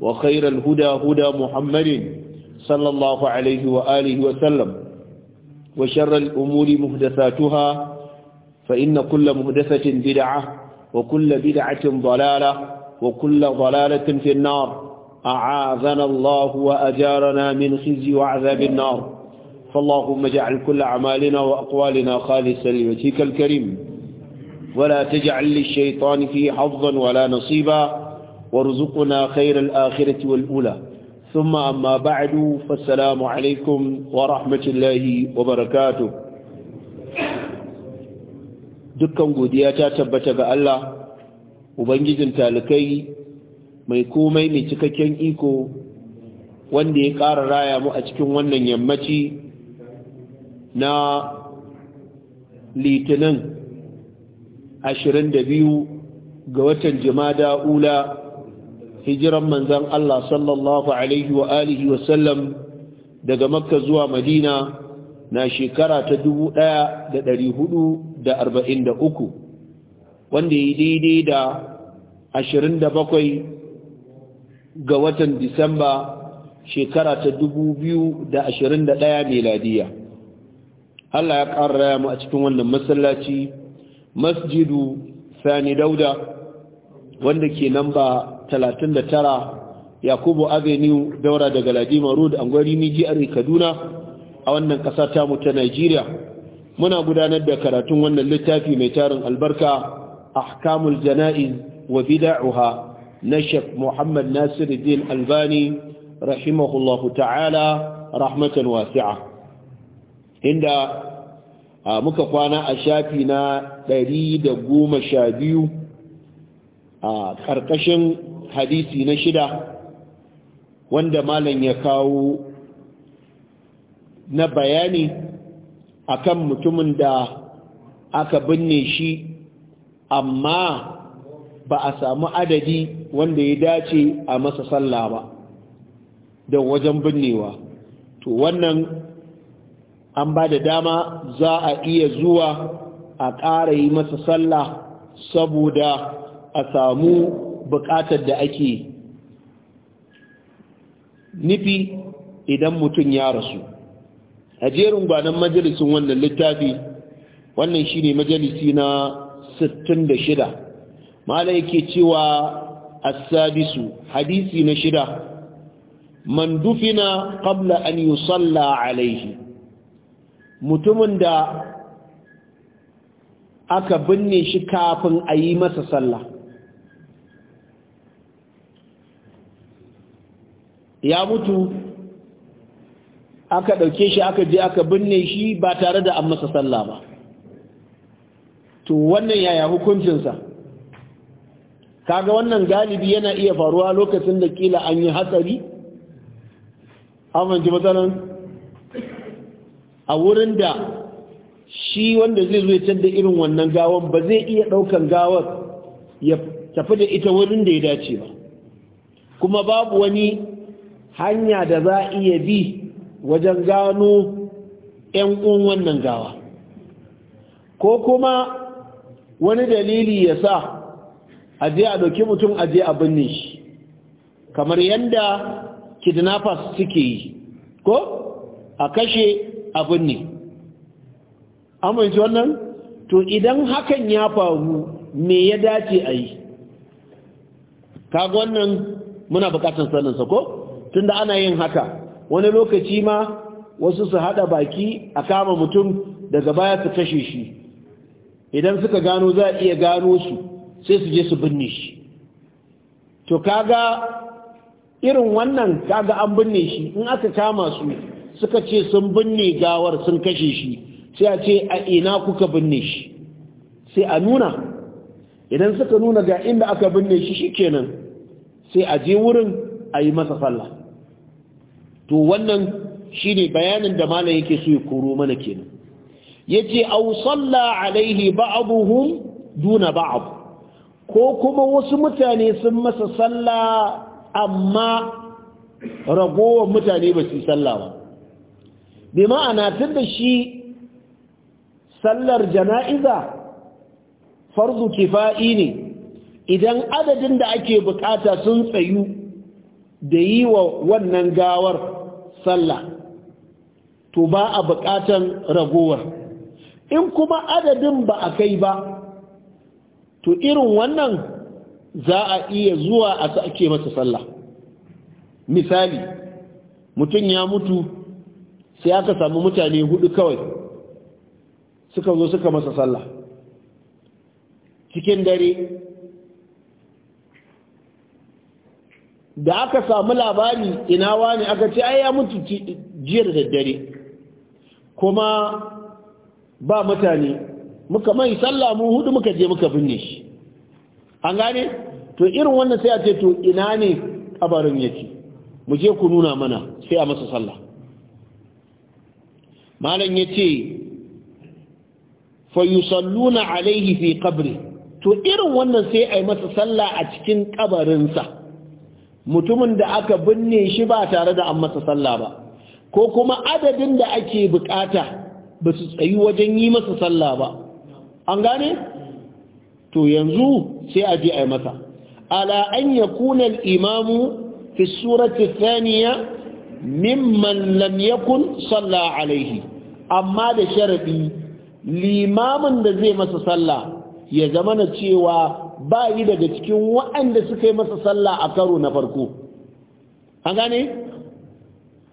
وخير الهدى هدى محمد صلى الله عليه وآله وسلم وشر الأمور مهدثاتها فإن كل مهدثة بدعة وكل بدعة ضلالة وكل ضلالة في النار أعاذنا الله وأجارنا من خزي وعذاب النار فاللهم اجعل كل أعمالنا وأقوالنا خالصا لوجهك الكريم ولا تجعل للشيطان فيه حظا ولا نصيبا وارزقنا خير الآخرة والأولى ثم أما بعد فالسلام عليكم ورحمة wa وبركاته dukkan godiya ta tabbata ga Allah ubangijin talikai mai komai mai cikakken iko wanda ya ƙara raya mu a cikin wannan yammaci na litinin ashirin 22 ga watan da ula 2023 hijiran manzan Allah sallallahu alaihi wa alihi wa sallam daga makka zuwa madina na shekara ta 1443 wanda ya daidai da 27 ga watan disamba shekara ta 2021 meladiya Allah ya ƙara mu a cikin wannan masallaci masjidu sani dauda wanda ke namba 39 yakubu avenue daura daga ladima road angwari miji a kaduna a wannan ƙasa tamu ta nigeria muna gudanar da karatun wannan littafi mai tarin albarka ahkamul jana'iz wa bida'uha na shek muhammad nasiruddin albani rahimahullahu ta'ala rahmatan wasi'a inda muka kwana a shafi na 112 a ƙarƙashin hadisi na shida wanda malam ya kawo na bayani akan mutumin da aka binne shi amma ba a samu adadi wanda ya dace a masa sallah ba da wajen binnewa to wannan an ba da dama za a iya zuwa a ƙara yi masa sallah saboda a samu buƙatar da ake nufi idan mutum ya rasu a jerin gwanon majalisun wannan littafi wannan shi shine majalisi na 66 mala yake cewa a sabisu hadisi na shida man dufina qabla an yusalla alaihi mutumin da aka binne shi kafin a yi masa sallah ya mutu aka ɗauke shi aka je aka binne shi ba tare da an masa sallah ba to wannan yaya hukuncinsa kaga wannan galibi yana iya faruwa lokacin da kila an yi hatsari amince matsalan a wurin da shi wanda zai zo ya da irin wannan gawan ba zai iya ɗaukan gawar ya tafi da ita wurin da ya dace ba kuma babu wani hanya da za a iya bi wajen gano 'yan uwan wannan gawa ko kuma wani dalili ya sa a je a ɗauki mutum a je a binne shi kamar yadda kidnappers suke yi ko a kashe a binne Amince wannan to idan hakan ya faru me ya dace a yi kaga wannan muna bukatar saninsa ko tunda ana yin haka wani lokaci ma wasu su hada baki a kama mutum daga baya su kashe shi idan suka gano za a iya gano su sai su je su binne shi to kaga irin wannan kaga an binne shi in aka kama su suka ce sun binne gawar sun kashe shi sai a ce a ina kuka binne shi sai a nuna idan suka nuna ga inda aka binne shi shi kenan, sai a je wurin a yi masa sallah to wannan shi ne bayanin da malam yake so ya koro mana kenan yace aw salla alaihi ba'dhum duna ba'd ko kuma wasu mutane sun masa salla amma ragowar mutane ba su salla ba bi ma'ana da shi sallar jana'iza farzu kifa'i ne idan adadin da ake bukata sun tsayu da yi wa wannan gawar sallah to ba a buƙatar ragowar in kuma adadin ba a kai ba to irin wannan za a iya zuwa a sake masa sallah misali mutum ya mutu sai aka samu mutane hudu kawai suka zo suka masa sallah cikin dare da aka samu labari ina wani aka ce ai ya mutu jiyar daddare kuma ba mutane muka mai sallah mu hudu muka je muka binne shi an gane to irin wannan sai a ce to ina ne kabarin yake mu je ku nuna mana sai a masa sallah malam yace fa yusalluna alaihi fi qabri to irin wannan sai a yi masa sallah a cikin sa mutumin da aka binne shi ba tare da an masa sallah ba ko kuma adadin da ake bukata ba su tsayi wajen yi masa sallah ba an gane to yanzu sai a je a masa ala an yakuna al-imamu fi surati thaniya mimman lam yakun salla alaihi amma da sharadi limamin da zai masa sallah ya zama na cewa ba yi daga cikin waɗanda suka yi masa sallah a karo na farko an gane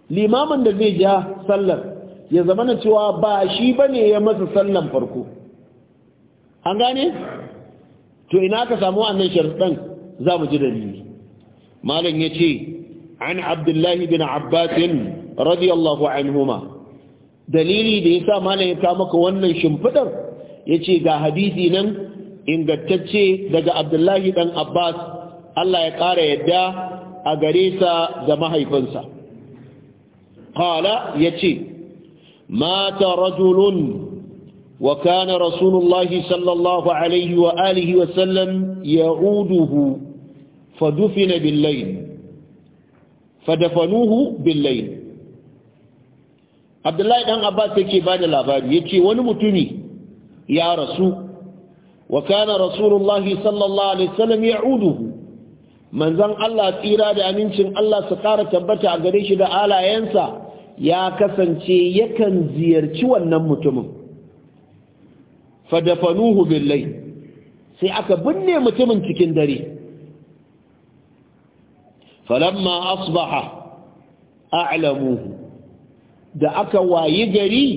limamin da zai ja sallar ya zama na cewa ba shi ba ne ya masa sallan farko an gane to ina ka samu wannan sharɗan za mu ji dalili malam ya ce an abdullahi bin abbasin radiyallahu anhuma dalili da ya sa malam ya kama maka wannan shimfiɗar ya ce ga hadisi nan ingantacce daga abdullahi dan abbas allah ya ƙara yadda a gare sa da mahaifinsa ƙala ya ce mata rajulun wa kana rasulullahi sallallahu alaihi wa alihi wasallam ya uduhu fadufina billain fadafanuhu billain abdullahi dan abbas yake ba da labari ya ce wani mutumi ya rasu وكان رسول الله صلى الله عليه وسلم يعوده من زن الله تيرا دا أمينشن الله سقارة تبتع قريش دا آلا ينسى يا كسن شي يكن زير شوى النمتم فدفنوه بالليل sai aka binne mutumin cikin dare falamma asbaha a'lamuhu da aka wayi gari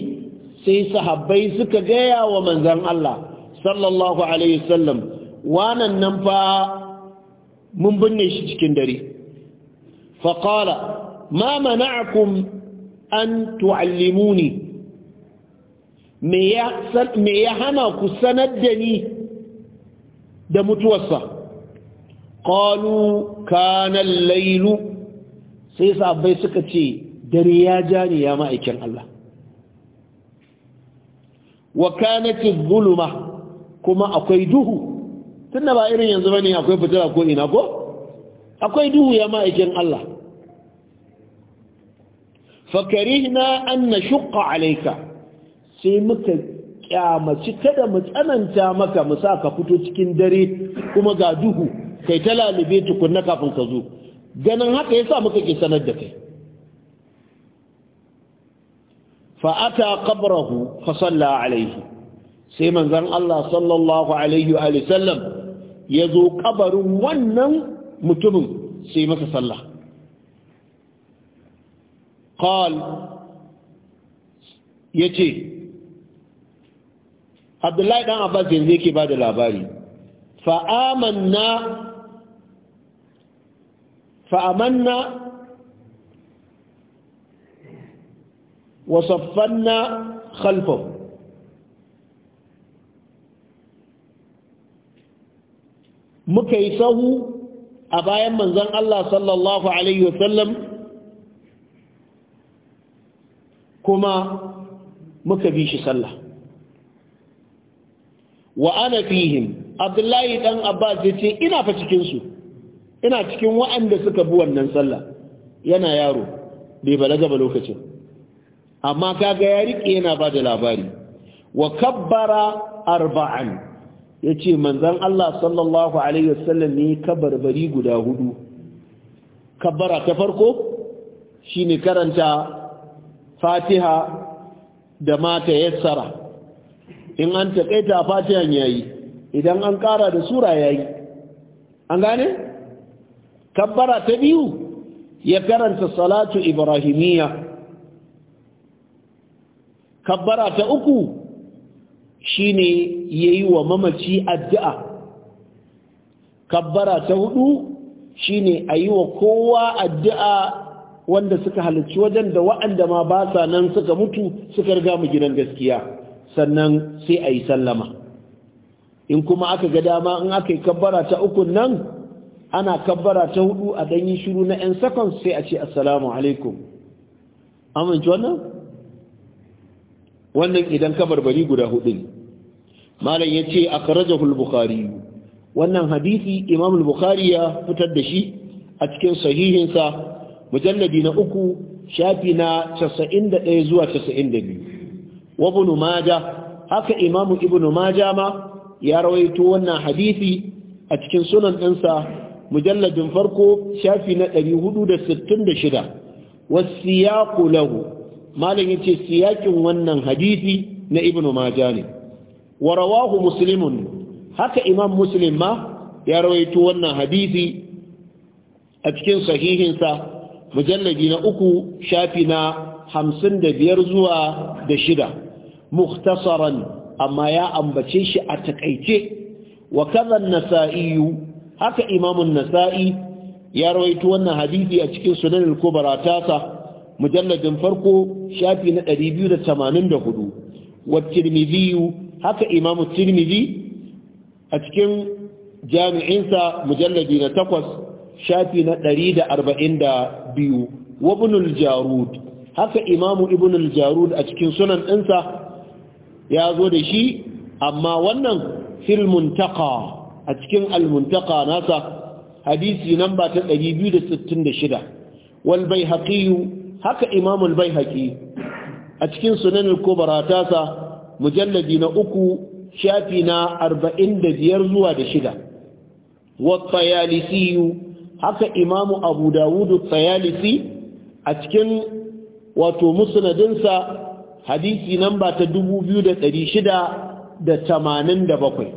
sai sahabbai suka gaya wa manzon Allah sallallahu alaihi sallam wanan nan fa mun binne shi cikin dare فقال ما منعكم أن تعلموني me ya hana ku sanar da ni da mutuwarsa ƙalu kanan lailu sai sabai suka ce dare ya ja ya ma'aikin Allah wa kanati zuluma kuma akwai duhu tunda ba irin yanzu bane akwai fitila ko ina ko akwai duhu ya ma'aikin Allah fakarihna an nashqa alayka sai muka kyamaci kada mu tsananta maka mu saka fito cikin dare kuma ga duhu kai ta lalube tukunna kafin ka zo ganin haka yasa muka ki sanar da kai fa ata qabrahu fa salla alayhi sai manzon Allah sallallahu alaihi wa sallam ya zo kabarin wannan mutumin sai masa sallah qal ce Abdullahi ɗan Abbas yanzu yake bada labari Fa'amanna wasaffanna fa muka yi sahu a bayan manzon Allah sallallahu alaihi wasallam kuma muka bi shi sallah wa ana fihim abdullahi dan abbas ya ce ina fa cikinsu ina cikin wa'anda suka bi wannan sallah yana yaro bai balaga ba lokacin amma kaga ya riƙe yana ba da labari wa kabbara arba'an ya ce manzan Allah sallallahu Alaihi wasallam ne kabarbari guda hudu bara ta farko shi ne karanta fatiha da mata yassara in an taƙaita fatihan yayi idan an ƙara da sura yayi an gane? bara ta biyu ya karanta salatu ibrahimiyya kabbara ta uku Shi ne ya yi wa mamaci addu'a kabbara ta hudu shi ne a yi wa kowa addu'a wanda suka halarci wajen da wa'anda ma ba sa nan suka mutu suka riga mu gidan gaskiya sannan sai a yi sallama in kuma aka ga dama in aka yi kabbara ta uku nan ana kabbara ta hudu a danyi shiru na 'yan sakon sai a ce assalamu alaikum amince wannan wannan idan ka barbari guda hudu ne malam ya ce akarajahul al wannan hadisi imam al-bukhari ya fitar da shi a cikin sahihinsa mujalladi na uku shafi na 91 zuwa 92 wa ibn maja haka imam ibn maja ma ya rawaito wannan hadisi a cikin sunan ɗinsa mujalladin farko shafi na 466 wasiyaqu kulahu. malam yace siyakin wannan hadisi na ibnu maja ne wa rawahu muslimun haka imam muslim ma ya rawaito wannan hadisi a cikin sahihinsa mujallabi na uku shafi na hamsin da biyar zuwa da shida mukhtasaran amma ya ambace shi a takaice wa kazan nasa'iyu haka imamun nasa'i ya rawaito wannan hadisi a cikin sunan al-kubra tasa mujalladin farko shafi na 284 wa tirmidhi haka imamu tirmidhi a cikin jami'insa mujalladi na takwas shafi na 142 wa ibnul jarud haka imamu ibnul jarud a cikin sunan ɗinsa ya zo da shi amma wannan fil muntaka a cikin almuntaka nasa hadisi namba ta 266 wal bayhaqiyu haka imamul bai haƙi a cikin sunanin kobara tasa mujalladi na uku shafi na arba'in da biyar zuwa da shida wattayalisiyu haka imamu abu dawudu tsayalisi a cikin wato musnadinsa hadisi namba ta dubu biyu da ɗari shida da tamanin da bakwai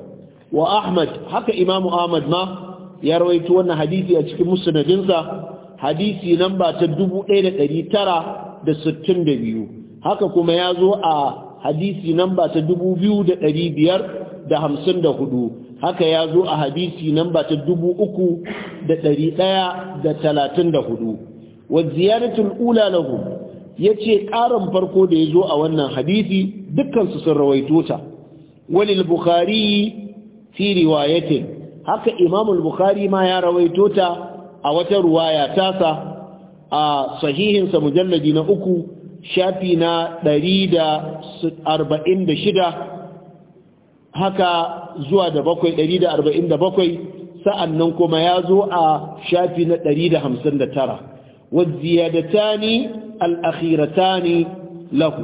wa ahmad haka imamu ahmad ma ya rawaito wannan hadisi a cikin musnadinsa hadisi namba ta 1962 haka kuma ya zo a hadisi namba ta 2554 haka ya zo a hadisi namba ta 3134 wa ziyaratul ula lahu yace karan farko da yazo a wannan hadisi dukkan su sun rawaito ta walil bukhari fi riwayatin haka imam al-bukhari ma ya rawaito ta a wata ruwaya tasa a sahihinsa mujalladi na uku shafi na shida haka zuwa da da bakwai sa'an nan kuma ya zo a shafi na tara. al'akhirata ne lahu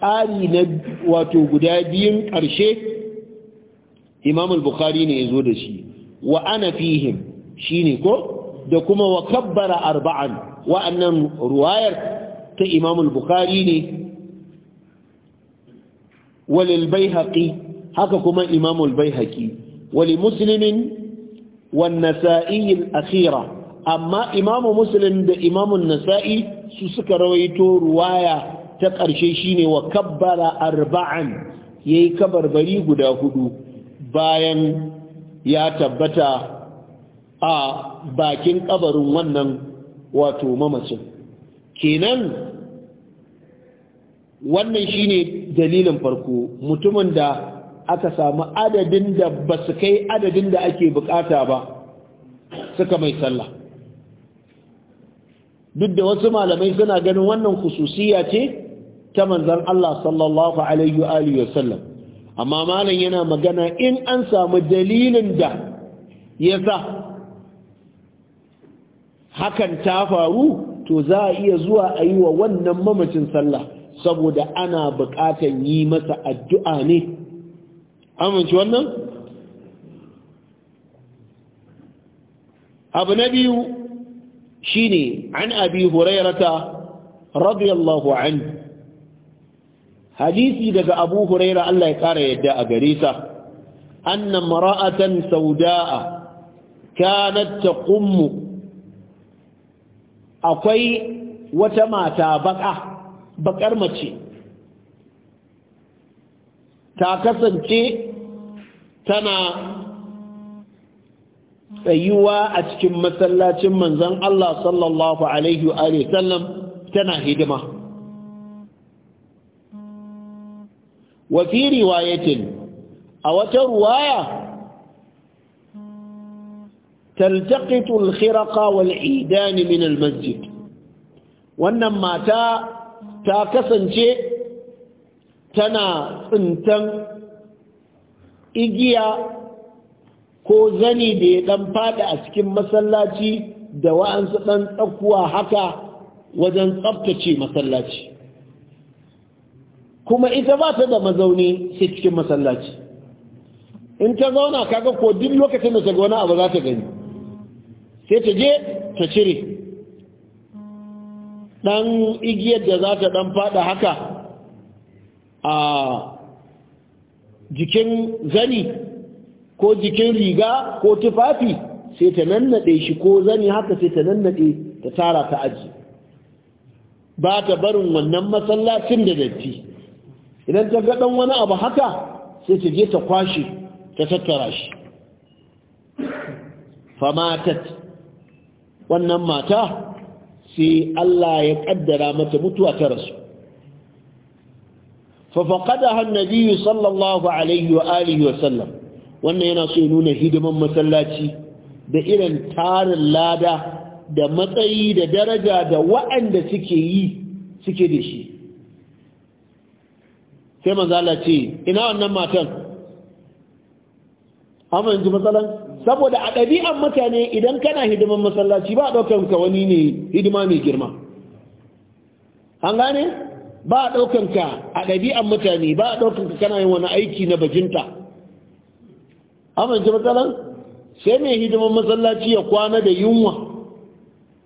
ƙari na wato guda biyun ƙarshe imam al-bukhari ne ya zo da shi wa ana fihim shi ko da kuma wa kabbara arba'an wa'annan ruwayar ta Imam bukari ne walil Baihaqi haka kuma imamul bai baihaqi wali musulmin wan Nasa'i Akira. amma Imam musulmin da Imam nasai su suka rawaito ruwaya ta ƙarshe shine wa kabbara arba'an yayi kabarbari guda hudu bayan ya tabbata a bakin kabarin wannan wato mamacin kenan wannan shine dalilin farko mutumin da aka samu adadin da ba su kai adadin da ake bukata ba suka mai sallah duk da wasu malamai suna ganin wannan khususiya ce ta manzon Allah sallallahu alaihi wa wasallam amma malam yana magana in an samu dalilin da ya yasa hakan ta faru to za a iya zuwa a yi wa wannan mamacin sallah saboda ana buƙatan yi masa addu'a ne amince wannan abu na biyu shine an abi hurairata radiyallahu hadisi daga abu huraira Allah ya ƙara yadda a gare sa anna mara'atan sauda'a kanat taqummu akwai wata mata baka bakar mace ta kasance tana tsayuwa a cikin masallacin manzan Allah sallallahu alaihi tana hidima wa riwayatin a wata ruwaya تلتقط الخرق والعيدان من المسجد wannan mata ta kasance tana tsintan igiya ko zani da ya dan fada a cikin masallaci da wa'ansu dan tsakuwa haka wajen tsaftace masallaci kuma ita ba ta da mazauni sai cikin masallaci in ta zauna kaga ko duk lokacin da ta ga wani abu za ta gani sai ta je ta cire ɗan igiyar da za ta ɗan faɗa haka a jikin zani ko jikin riga ko tufafi sai ta nannaɗe shi ko zani haka sai ta nannaɗe ta tara ta aji ba ta barin wannan masallacin da datti idan ta gaɗan wani abu haka sai ta je ta kwashe ta tattara shi famatat wannan mata sai Allah ya kaddara mata mutuwa ta rasu fa faqadaha an sallallahu alaihi wa alihi wa sallam wannan yana so ya nuna hidiman masallaci da irin tarin lada da matsayi da daraja da waɗanda suke yi suke da shi sai manzala ce ina wannan matan amma ji matsalan saboda a ɗabi'an mutane idan kana hidiman masallaci ba a ɗaukan ka wani ne hidima mai girma an gane ba a ɗaukan ka a ɗabi'an mutane ba a ɗaukan ka kana yin wani aiki na bajinta amma ji matsalan sai mai hidiman masallaci ya kwana da yunwa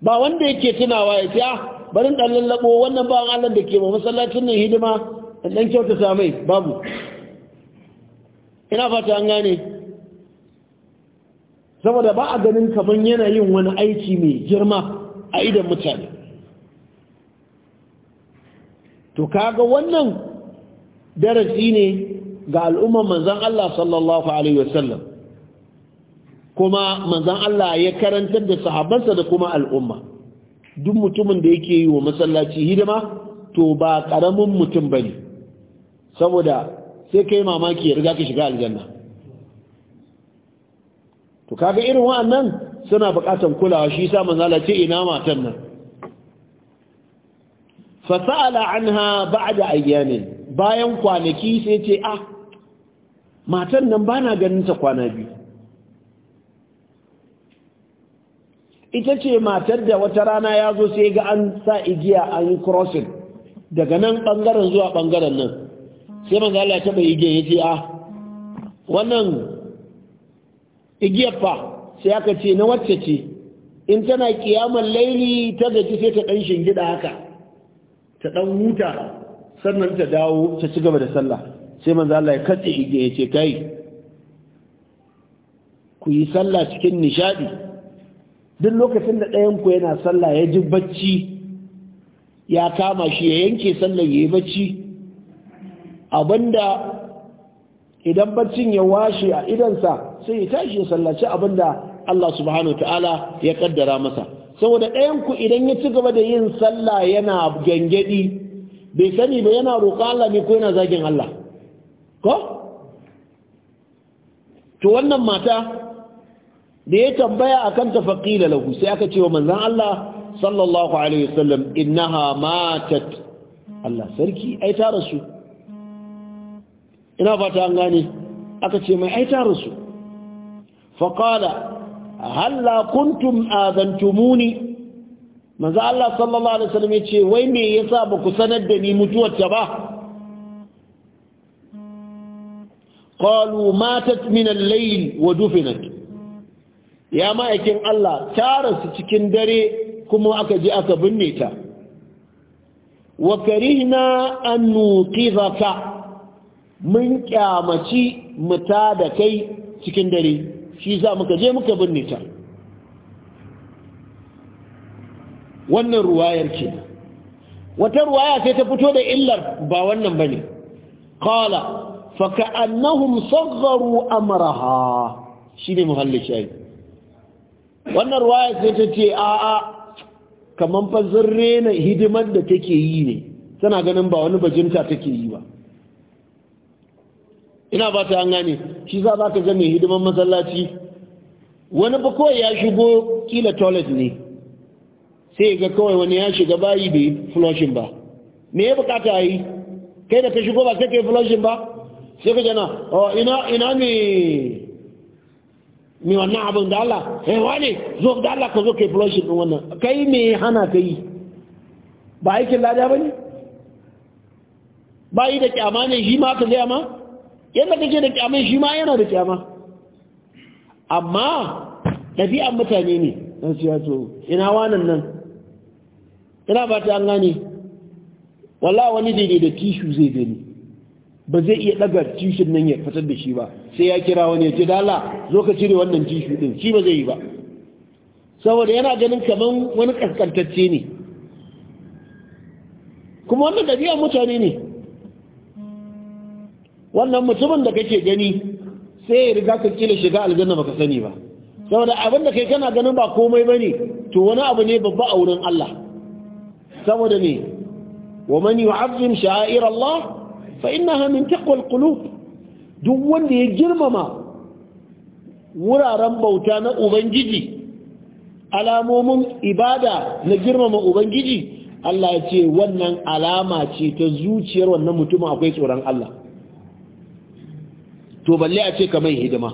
ba wanda yake tunawa ya ce ah, barin ɗan lallaɓo, wannan ba Allah da ke ba masallacin nan hidima ɗan kyautata mai babu ina fata an gane saboda ba a ganin kaman yana yin wani aiki mai girma a idan mutane to kaga wannan darasi ne ga al'umman manzan Allah sallallahu alaihi wasallam kuma manzan Allah ya karantar da sahabansa da kuma al'umma duk mutumin da yake yi wa masallaci hidima to ba ƙaramin mutum ba ne saboda sai kai mamaki ya riga ka shiga aljanna to kaga irin wa'annan suna buƙatar kulawa shi yasa manzo Allah ce ina matan nan fa sa'ala anha ba'da ayyamin bayan kwanaki sai ce ah matan nan bana ganin ta kwana biyu ita ce matar da wata rana ya zo sai ga an sa igiya an yi crossing daga nan bangaren zuwa bangaren nan sai manzo Allah ya taba igiya yace ah wannan igiyar fa sai aka ce na wacce ce in tana kiyamar laili ta gaji sai ta ɗan gida haka ta ɗan huta sannan ta dawo ta ci gaba da sallah sai maza Allah ya katse igiya ya ce kai ku yi sallah cikin nishaɗi. duk lokacin da ɗayan ku yana sallah ya ji bacci ya kama shi ya yanke sallah ya yi bacci abinda idan baccin ya washe a idansa sai ya tashi ya sallaci abin da Allah subhanahu ta'ala ya kaddara masa saboda ɗayan ku idan ya ci gaba da yin sallah yana gangadi bai sani ba yana roƙa Allah ne ko yana zagin Allah ko to wannan mata da ya tambaya akan tafaqila lahu sai aka ce wa manzon Allah sallallahu alaihi wasallam innaha matat Allah sarki ai ta rasu ina fata an gane aka ce mai ai ta rasu فقال هلا كنتم آذنتموني ماذا الله صلى الله عليه وسلم يتشي ويمي يصابك سندني متوتة به قالوا ماتت من الليل ودفنت يا مائكين الله تارس تكندري كما أكجي أكبنيتا وكرهنا أن نوقظك من كامتي متادكي تكندري shi za muka je muka binne ta wannan ruwayar ce wata ruwaya sai ta fito da illar ba wannan bane qala fa ka'annahum sagharu amraha shine muhallin shayi wannan ruwaya sai ta ce a a kaman fa zurre na hidimar da take yi ne tana ganin ba wani bajinta take yi ba ina ba ta gane shi za ba ka ga mai hidiman masallaci wani ba kawai ya shigo kila toilet ne sai ga kawai wani ya shiga bayi bai flushing ba me ya bukata yi kai da ka shigo ba kake flushing ba sai ka jana oh ina ina me me wannan abin da Allah eh wane zo da Allah ka zo kai flushing din wannan kai me hana ka yi ba aikin lada bane ba yi da kyama ne shi ma ka zai ma yadda kake da kyamai shi ma yana da kyama amma ɗabi'an mutane ne don su yato ina wanan nan ina ba ta an gane walla wani daidai da tishu zai gani ba zai iya ɗagar tishin nan ya fitar da shi ba sai ya kira wani ya ce dala zo ka cire wannan tishu ɗin shi ba zai yi ba saboda yana ganin kamar wani ƙasƙantacce ne kuma wannan ɗabi'an mutane ne wannan mutumin da kake gani sai ya riga ka kila shiga aljanna baka sani ba saboda abin da kai kana ganin ba komai bane to wani abu ne babba a wurin Allah saboda ne wa man yu'azzim sha'air Allah fa innaha min taqwal qulub duk wanda ya girmama wuraren bauta na ubangiji alamomin ibada na girmama ubangiji Allah ya ce wannan alama ce ta zuciyar wannan mutumin akwai tsoron Allah to balle a ce ka mai hidima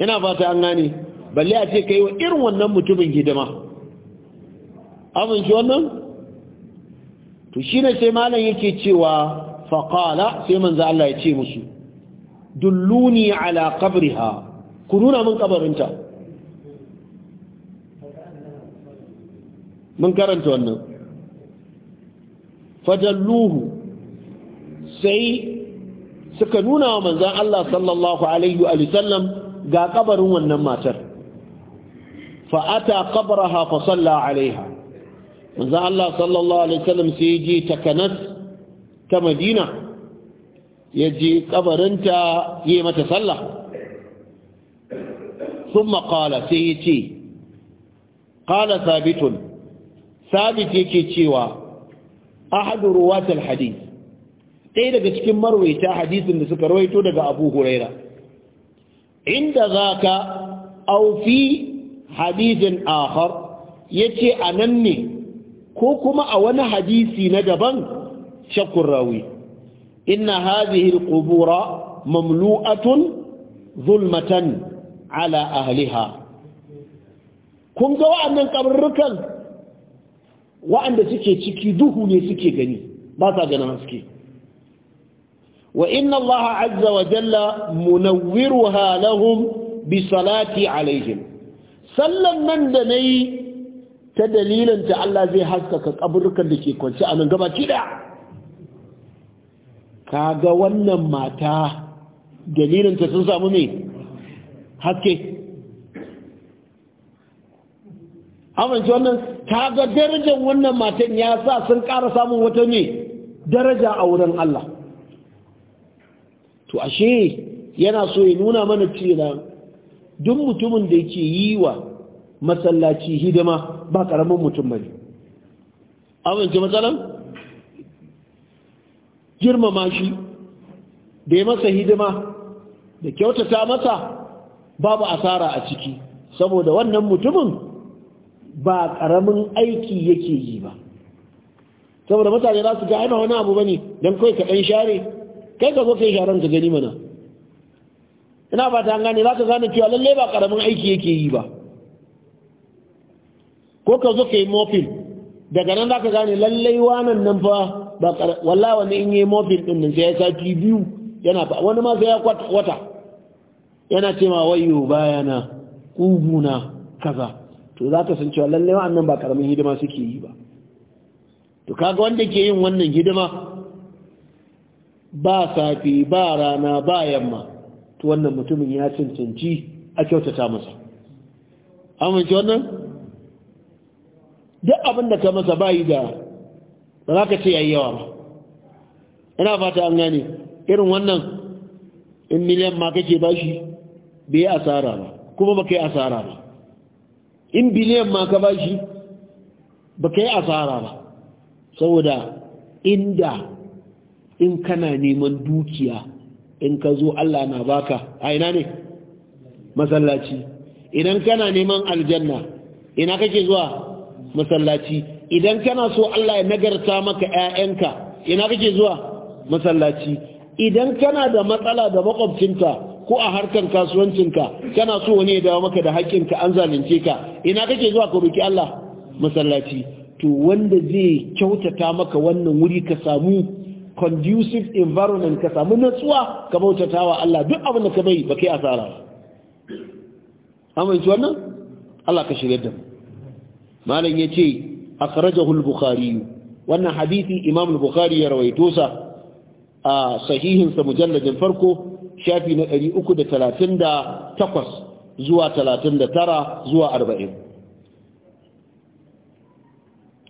ina fata an gane balle a ce ka yi wa irin wannan mutumin hidima amince wannan to shi ne sai malam yake cewa faƙala sai manza Allah ya ce musu dulluni ala ƙabriha. ku nuna mun kabarinta mun karanta wannan fadalluhu sai suka nuna wa manzan Allah sallallahu alaihi wa ga kabarin wannan matar fa'ata qabraha fa salla alaiha manzan Allah sallallahu alaihi wa sai ya je takanas ta Madina ya je kabarinta yi mata sallah Sun maƙala sai ya ce qala thabitun thabit yake cewa a ahadu ruwatul hadith ɗaya daga cikin marwaita hadisin da suka rawaito daga abu huraira inda za ka aufi hadisin ahar ya ce a nan ne ko kuma a wani hadisi na daban shakkun rawi inna hazihi ƙubura mamlu'atun zulmatan ala ahliha kun ga wa'annan kabarrukan wa'anda suke ciki duhu ne suke gani ba sa ganin haske wa inna allaha azza wa jalla munawwiruha lahum bi salati alaihim sallan nan da nayi ta dalilin ta Allah zai haskaka kaburkan da ke kwance a nan gabaki daya kaga wannan mata dalilin ta sun samu me haske amince wannan kaga darajar wannan matan ya sa sun ƙara samun wata ne daraja a wurin Allah to ashe yana so ya nuna mana cewa duk mutumin da yake yi wa masallaci hidima ba karamin mutum bane abin ji matsalan girmama shi da ya masa hidima da kyautata masa babu asara a ciki saboda wannan mutumin ba karamin aiki yake yi ba saboda mutane za su ga aina wani abu bane don kai ka ɗan share kai ka zo kai sharan ka gani mana ina ba ta gane za ka gane cewa lalle ba karamin aiki yake yi ba ko ka zo ka yi mofin daga nan za ka gane lalle wanan nan fa ba walla wani in yi mofin din nan sai ya sati biyu yana fa wani ma sai ya wata yana ce ma wayo bayana kuguna kaza to za ka san cewa lalle wa'annan ba karamin hidima suke yi ba to kaga wanda ke yin wannan hidima ba safi ba rana ba yamma to wannan mutumin ya cancanci a kyautata masa amince wannan duk abin da ka masa bayi da ba za ka ce yi yawa ba ina fata an gane irin wannan in miliyan ma kake bashi bai yi asara ba kuma ba ka yi asara ba in biliyan ma ka bashi ba ka yi asara ba saboda inda in kana neman dukiya in ka zo Allah na baka a ina ne masallaci idan kana neman aljanna ina kake zuwa masallaci idan kana so Allah ya nagarta maka ƴaƴanka ina kake zuwa masallaci idan kana da matsala da makwabcinka ko a harkar kasuwancinka kana so wani ya dawo maka da haƙƙinka an zalunce ka ina kake zuwa ka roki Allah masallaci to wanda zai kyautata maka wannan wuri ka samu conducive environment ka samu natsuwa ka bautata wa Allah duk abin da ka bai ba kai asara amma amince wannan Allah ka shirye da mu malam yace akhrajahu al-bukhari wannan hadisi imam al-bukhari ya rawaito sa a sahihin sa mujalladin farko shafi na 338 zuwa 39 zuwa 40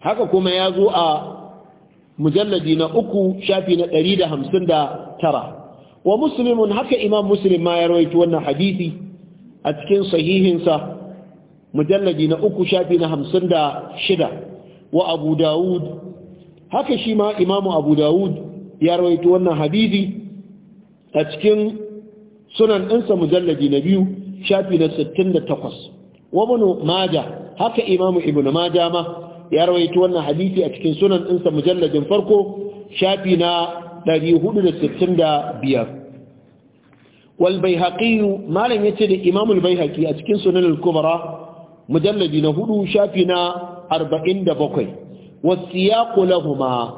haka kuma ya zo a mujalladi na uku shafi na ɗari da hamsin da tara wa muslimun haka imam muslim ma ya rawaito wannan hadisi a cikin sahihinsa mujalladi na uku shafi na hamsin da shida wa abu dawud haka shi ma imamu abu dawud ya rawaito wannan hadisi a cikin sunan ɗinsa mujalladi na biyu shafi na sittin da takwas maja haka imam ibnu maja ma ya rawaito wannan hadisi a cikin sunan ɗinsa mujalladin farko shafi na 465 wal baihaqi malam yace da imam al haƙi a cikin sunan al kubra mujalladi na hudu shafi na 47 was lahumma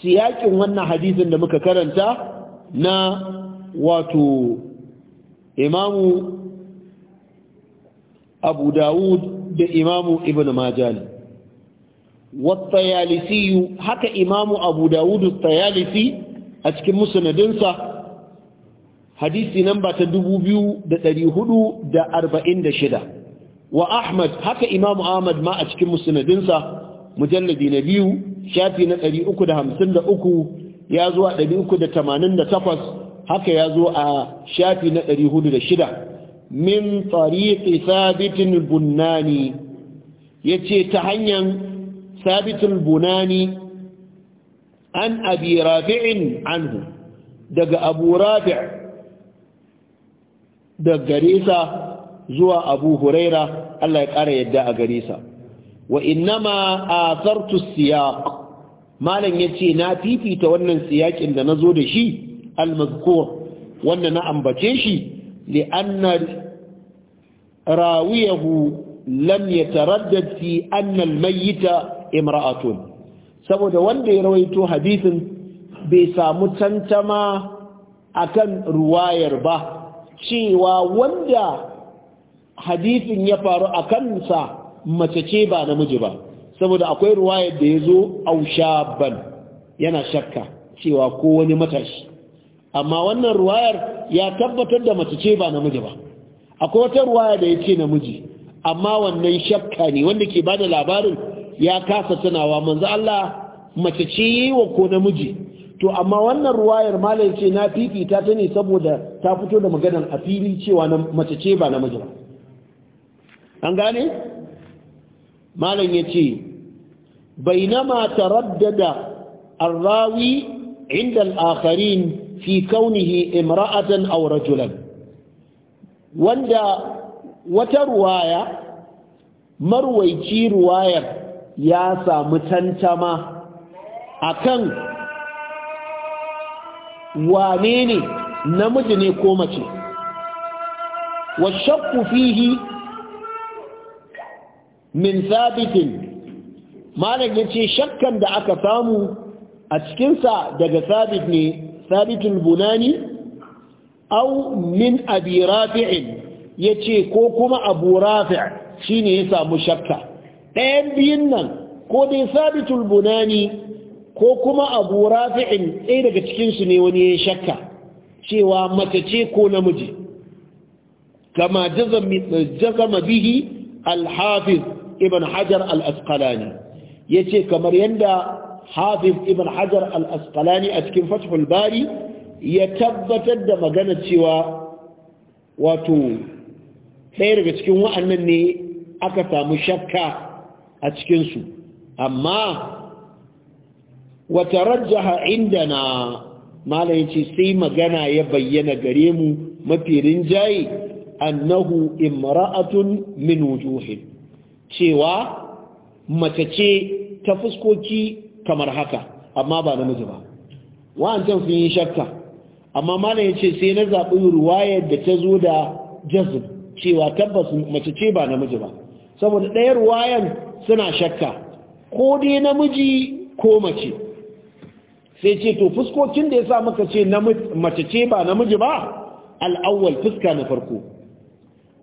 siyaqin wannan hadisin da muka karanta na wato imamu abu dawud da imamu ibn majali والطيالسي haka imamu abu dawud al-tayalisi a cikin musnadinsa hadisi namba ta 2446 wa ahmad haka imamu ahmad ma a cikin musnadinsa mujalladi na biyu shafi na 353 ya zuwa 388 haka ya zo a shafi na 406 min tariqi thabit al-bunnani yace ta hanyar ثابت البناني عن أبي رافع عنه دق أبو رافع دق قريسة زوى أبو هريرة الله يقرأ يداء قريسة وإنما آثرت السياق ما لن يتي ناتي في تولى السياق إن نزود شيء المذكور وأن نأنبتشي لأن راويه لم يتردد في أن الميت imra'atun saboda wanda ya rawaito hadisin bai samu tantama akan ruwayar ba cewa wanda hadisin ya faru a kansa mace ce ba namiji ba saboda akwai ruwayar da ya zo aushaban yana shakka cewa ko wani matashi amma wannan ruwayar ya tabbatar da mace ce ba namiji ba akwai wata ruwaya da ya ce namiji amma wannan shakka ne wanda ke bada labarin ya kasa tunawa manzo Allah mace ce wa ko namiji to amma wannan ruwayar malam ce na fifita ta ne saboda ta fito da maganar a fili cewa na mace ce ba namiji ba an gane malam yace bainama taraddada arrawi inda al-akharin fi kaunihi imra'atan aw rajulan wanda wata ruwaya marwaici ruwayar ya samu tantama akan wane ne namiji ne ko mace wa shakku fihi min sabitin malam ya ce shakkan da aka samu a cikinsa daga sabit ne sabitin bunani au min abi rafi'in ce ko kuma abu shi ne ya samu shakka ɗayan biyun nan ko dai sabitul bunani ko kuma abu rafi'in ɗaya daga cikinsu ne wani ya shakka cewa mace ce ko namiji kama jazama bihi alhafiz ibn hajar al-asqalani yace kamar yadda hafiz ibn hajar al-asqalani a cikin fathul bari ya tabbatar da magana cewa wato ɗaya daga cikin wa'annan ne aka samu shakka a cikinsu amma wata rajjaha inda na mala ce sai magana ya bayyana gare mu mafi rinjaye annahu imra'atun min wujuhin cewa mace ce ta fuskoki kamar haka amma ba namiji ba wa'ancan sun yi shakka amma malam ya ce sai na zaɓi ruwayar da ta zo da jazib cewa tabbas mace ce ba namiji ba saboda ɗaya ruwayar. suna shakka ko dai namiji ko mace sai ce to fuskokin da ya sa muka ce mace ce ba namiji ba al'awwal fuska na farko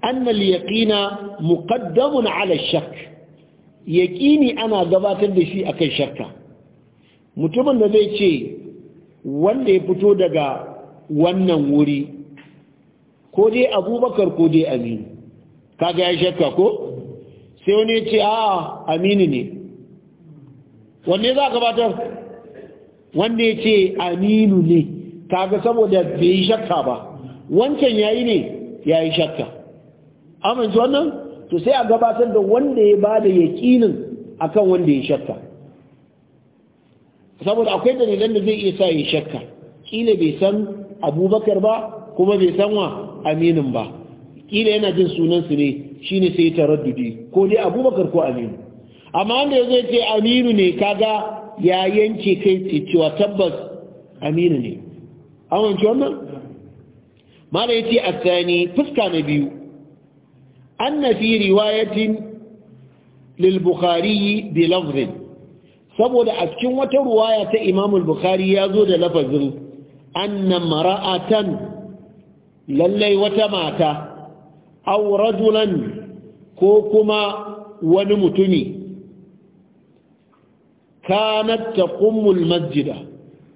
annal yaqina muqaddamun ala shakk yaqini ana gabatar da shi akan shakka mutumin da zai ce wanda ya fito daga wannan wuri ko dai abubakar ko dai aminu kaga ya shakka ko sai wani ya ce a aminu ne wanne za a gabatar wanda ya ce aminu ne kaga saboda bai yi shakka ba wancan ya yi ne ya yi shakka amince wannan to sai a gabatar da wanda ya ba bada yakinin akan wanda ya shakka saboda akwai dalilan da zai iya sa ya shakka ƙila bai san abubakar ba kuma bai san wa aminin ba ƙila yana jin sunansu ne shine sai taraddudi ko dai abubakar ko aminu amma wanda zai ce aminu ne kaga ya yanke kai cewa tabbas aminu ne an wannan mala yace asani fuska na biyu anna fi riwayatin lil bukhari bi lafzin saboda a cikin wata ruwaya ta imam al-bukhari ya zo da lafazin anna mara'atan lallai wata mata aw rajulan ko kuma wani mutumi kanat taqummul masjida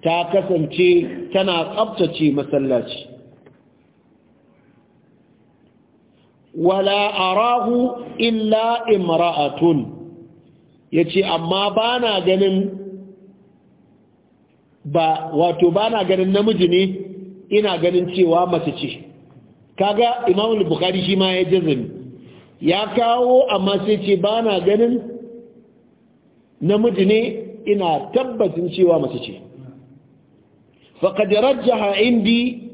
ta kasance tana tsaftace masallaci wala arahu illa imra'atun yace amma na ganin ba wato bana ganin namiji ne ina ganin cewa mace ce kaga imamul bukhari shi ma ya jazami ya kawo amma sai ce ba na ganin namiji ne ina tabbacin cewa mace ce faƙad rajjaha indi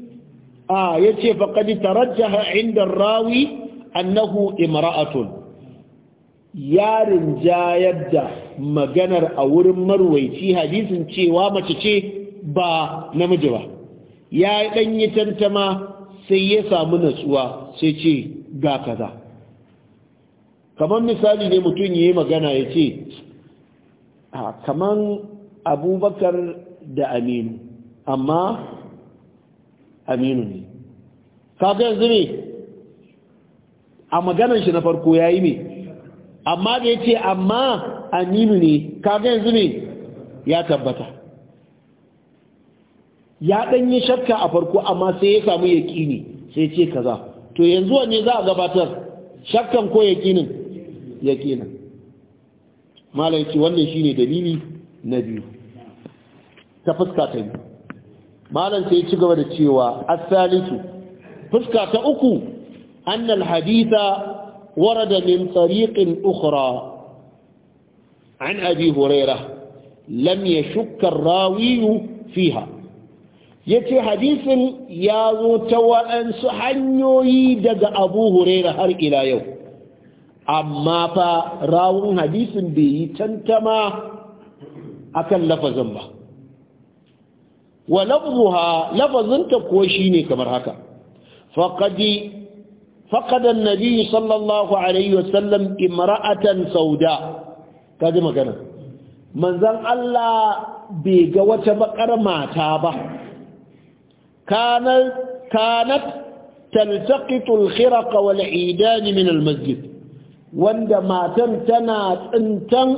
a ya ce faƙad tarajjaha inda rawi annahu imra'atun yarin jayar da maganar a wurin marwaici hadisin cewa mace ce ba namiji ba ya ɗanyi tantama sai ya samu natsuwa sai ce ga kaza kamar misali ne mutum ya yi magana ya ce a kamar abubakar da aminu amma aminu ne kaga yanzu ne a maganar shi na farko ya yi ne amma da ya ce amma aminu ne kaga yanzu ne ya tabbata ya ɗan yi shakka a farko amma sai ya samu ƙini sai ce kaza to yanzu wanne za a gabatar shakkan ko ƙinin ya malam ce wannan ne dalili na biyu ta fuska ta biyu malam ya ci gaba da cewa as-salisu fuska ta uku annal haditha ورد من طريق أخرى عن أبي هريرة لم يشك rawiyu, fiha. ya ce hadisin ya zo ta waɗansu hanyoyi daga abu huraira har ila yau amma fa rawun hadisin bai yi tantama akan lafazin ba wa lafzuha lafazinta ko shine kamar haka faqadi faqada sallallahu alaihi wasallam imra'atan sauda ji magana manzon Allah bai ga wata baƙar mata ba كانت كانت تلتقط الخرق والعيدان من المسجد wanda matan tana tsintan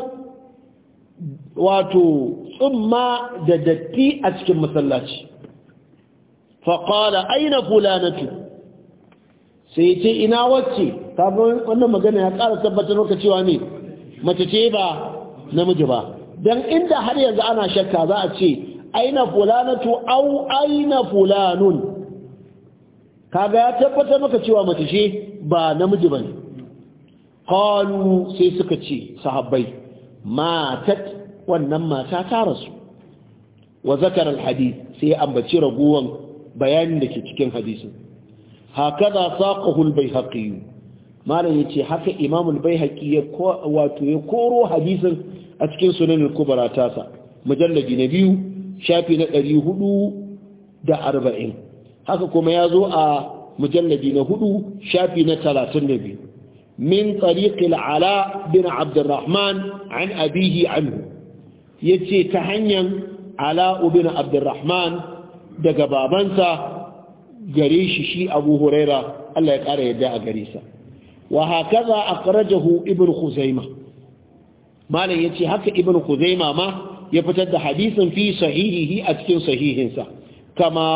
wato tsumma da datti a cikin masallaci faƙala aina fulanatu sai ce ina wacce kafin wannan magana ya kara tabbatar maka cewa ne mace ce ba namiji ba don inda har yanzu ana shakka za a ce aina fulanatu au aina fulanun kaga ya tabbatar maka cewa mace ce ba namiji bane qalu sai suka ce sahabbai matat wannan mata ta rasu wa zakara alhadith sai ambaci ragowan bayanin da ke cikin hadisin hakaza saqahu albayhaqi malam yace haka imam albayhaqi ya wato ya koro hadisin a cikin sunan al-kubra tasa mujalladi na biyu shafi na ɗari hudu da arba'in haka kuma ya zo a mujalladi na hudu shafi na talatin da biyu min tsariƙil ala bin abdurrahman an abihi anhu ya ce ta hanyar ala bin abdurrahman daga babansa gare shi shi abu huraira Allah ya ƙara yadda a gare sa wa hakaza jahu ibn Kuzaima. malam yace haka ibn huzaima ma ya fitar da hadisin fi sahihihi a cikin sahihinsa kama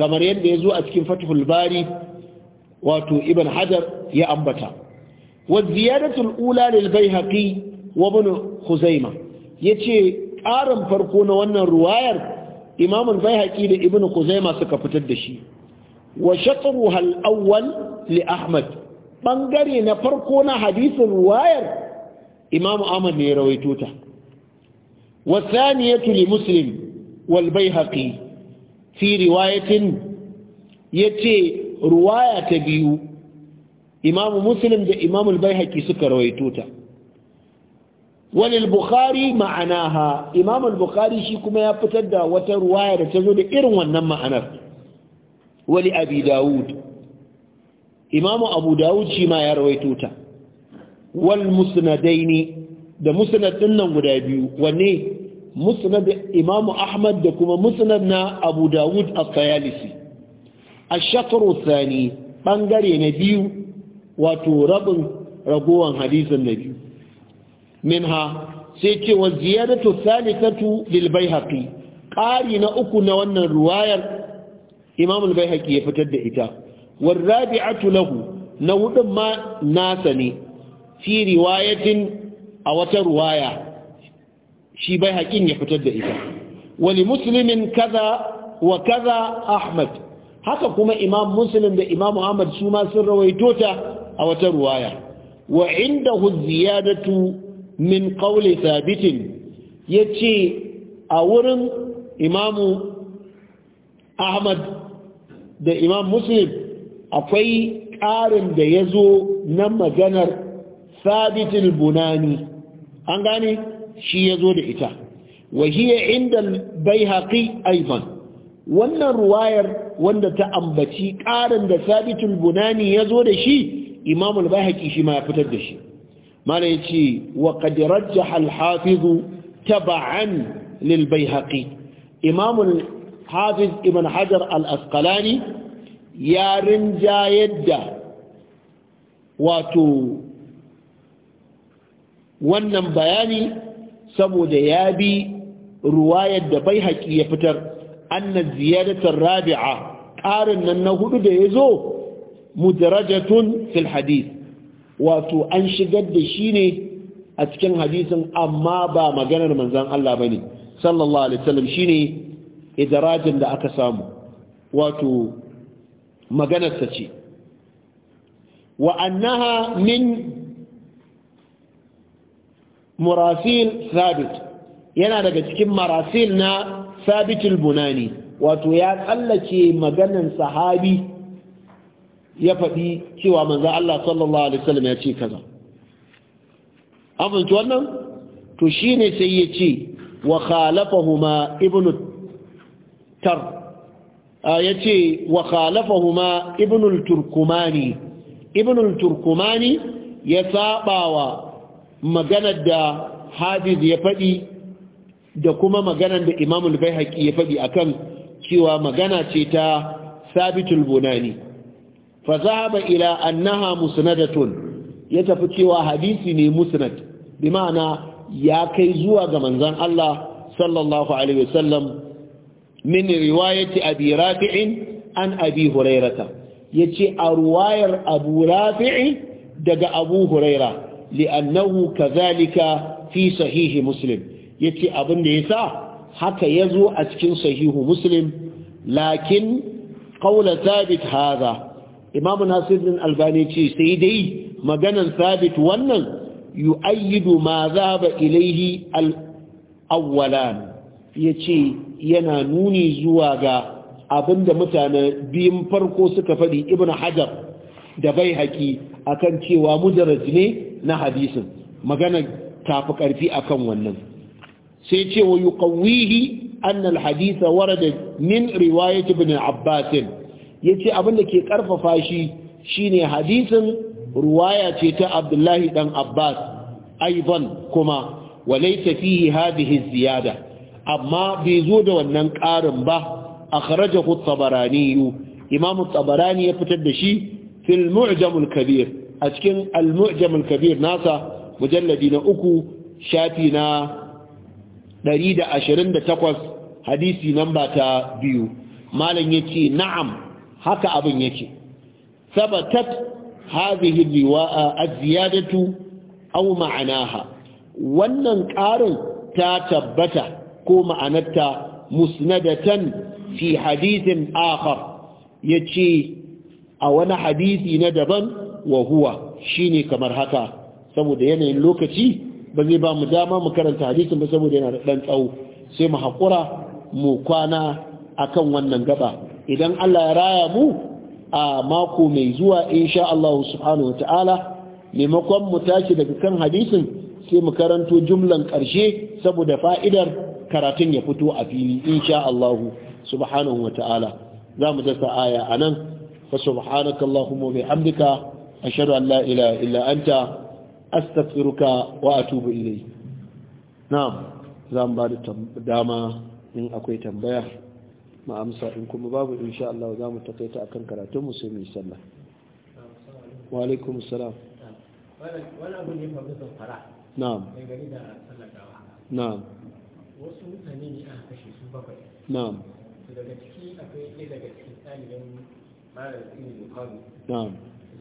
kamar yadda ya zo a cikin fathul bari wato ibn hajar ya ambata wa ziyadatul ula lil baihaqi wa ibn khuzaimah yace ƙarin farko na wannan ruwayar imam al da ibn khuzaimah suka fitar da shi wa shatruha al-awwal li ahmad bangare na farko na hadisin ruwayar imamu ahmad ne ya rawaito ta wasaniyatu li muslim wal baihaqi fi riwayatin yace ruwaya ta biyu imamu muslim da imamu al baihaqi suka rawaito ta walil bukhari ma'anaha imamul al-bukhari shi kuma ya fitar da wata ruwaya da ta zo da irin wannan ma'anar wali abi daud imamu abu daud shi ma ya rawaito ta wal ne da musnad din nan guda biyu wanne musnad imam ahmad da kuma musnad na abu dawud at-tayalisi ash-shatru thani bangare na biyu wato rabin ragowan hadisin na biyu minha sai ce wa ziyadatu thalithatu lil baihaqi qari na uku na wannan ruwayar imam al-baihaqi ya fitar da ita wal rabi'atu lahu na hudun ma nasa ne fi riwayatin a wata ruwaya shi bai haƙin ya fitar da ita wani musulmin kaza wa kaza ahmad haka kuma imam Musulmin da imam ahmad su ma sun rawaito ta a wata ruwaya wa inda ziyadatu min ƙaule sabitin yace a wurin imamu ahmad da imam muslim akwai ƙarin da ya zo na maganar sabitul bunani an gane shi ya zo da ita wahiya inda baihaqi aiban wannan ruwayar wanda ta ambaci ƙarin da sabitul bunani ya zo da shi imamul baihaqi shi ma ya fitar da shi mana ce, wa qad rajjaha al-hafiz tab'an lil baihaqi imamul hafiz ibn hajar al-asqalani ya rinjayar da wato wannan bayani saboda ya bi ruwayar da bai haƙi ya fitar annan ziyartar rabi'a ƙarin nan na hudu da ya zo mudarajatun fil hadith wato an shigar da shi ne a cikin hadisin amma ba maganar manzan Allah ba ne sallallahu alaihi wasallam shi ne idarajin da aka samu wato maganarsa ce wa annaha min murasil sabit yana daga cikin marasil na sabitul bunani wato ya tsallake maganin sahabi ya faɗi cewa manzo Allah sallallahu alaihi wasallam ya ce kaza amince wannan to shi ne sai ya ce wa khalafahuma ibnu tar yace wa khalafahuma ibnu al-turkumani Ibnul al-turkumani ya sabawa maganar da hafiz ya faɗi da kuma maganar da imamul bai ya faɗi akan cewa magana ce ta sabitul bunani fa zaba ila annaha musnadatun ya tafi cewa hadisi ne musnad bi ma'ana ya kai zuwa ga manzon Allah sallallahu alaihi wasallam min riwayati abi rafi'in an abi hurairata yace a ruwayar abu rafi'i daga abu huraira li'annahu kazalika fi sahihi muslim yace abin da yasa haka yazo a cikin sahihu muslim lakin qawla thabit hadha imam nasir bin albani ce sai dai maganan thabit wannan yu'ayyidu ma zaba ilayhi al-awwalan yace yana nuni zuwa ga abinda mutane biyun farko suka faɗi ibnu hajar da bai haƙi akan cewa mujarrad ne na hadisin magana tafi karfi akan wannan sai ce wa yuqawwihi anna alhadith da min riwayat ibn abbas yace abin da ke karfafa shi shine hadisin ruwaya ce ta abdullahi dan abbas Aiban kuma walaysa fihi hadhihi ziyada amma bai zo da wannan karin ba Akraja at-tabarani imamu at ya fitar da shi fil mu'jam kabir a cikin al kabir nasa mujalladi na uku shafi na 128 hadisi namba ta biyu malam yace na'am haka abin yake sabatat hadhihi liwa'a az-ziyadatu au ma'anaha wannan ƙarin ta tabbata ko ma'anarta musnadatan fi hadithin akhar ce a wani hadisi na daban wa huwa shine kamar haka saboda yanayin lokaci ba zai ba mu dama mu karanta hadisin ba saboda yana da dan tsawo sai mu hakura mu kwana akan wannan gaba idan Allah ya raya mu a mako mai zuwa insha Allah subhanahu wataala maimakon mu tashi daga kan hadisin sai mu karanto jumlan karshe saboda fa'idar karatun ya fito a fili insha Allah subhanahu wataala za mu dasa aya anan fa subhanakallahumma wa bihamdika ashhadu an la ilaha illa anta astaghfiruka wa atubu Ilai. na'am zan ba da dama in akwai tambaya mu amsa in kuma babu in sha Allah za mu takaita akan karatun mu sai mu sallah wa alaikum salam wani abu ne fa bisan fara na'am gani da sallakawa na'am wasu mutane ne a kashe su bakwai na'am daga ciki akwai ɗaya daga cikin ɗalibin malam ilmi bukhari na'am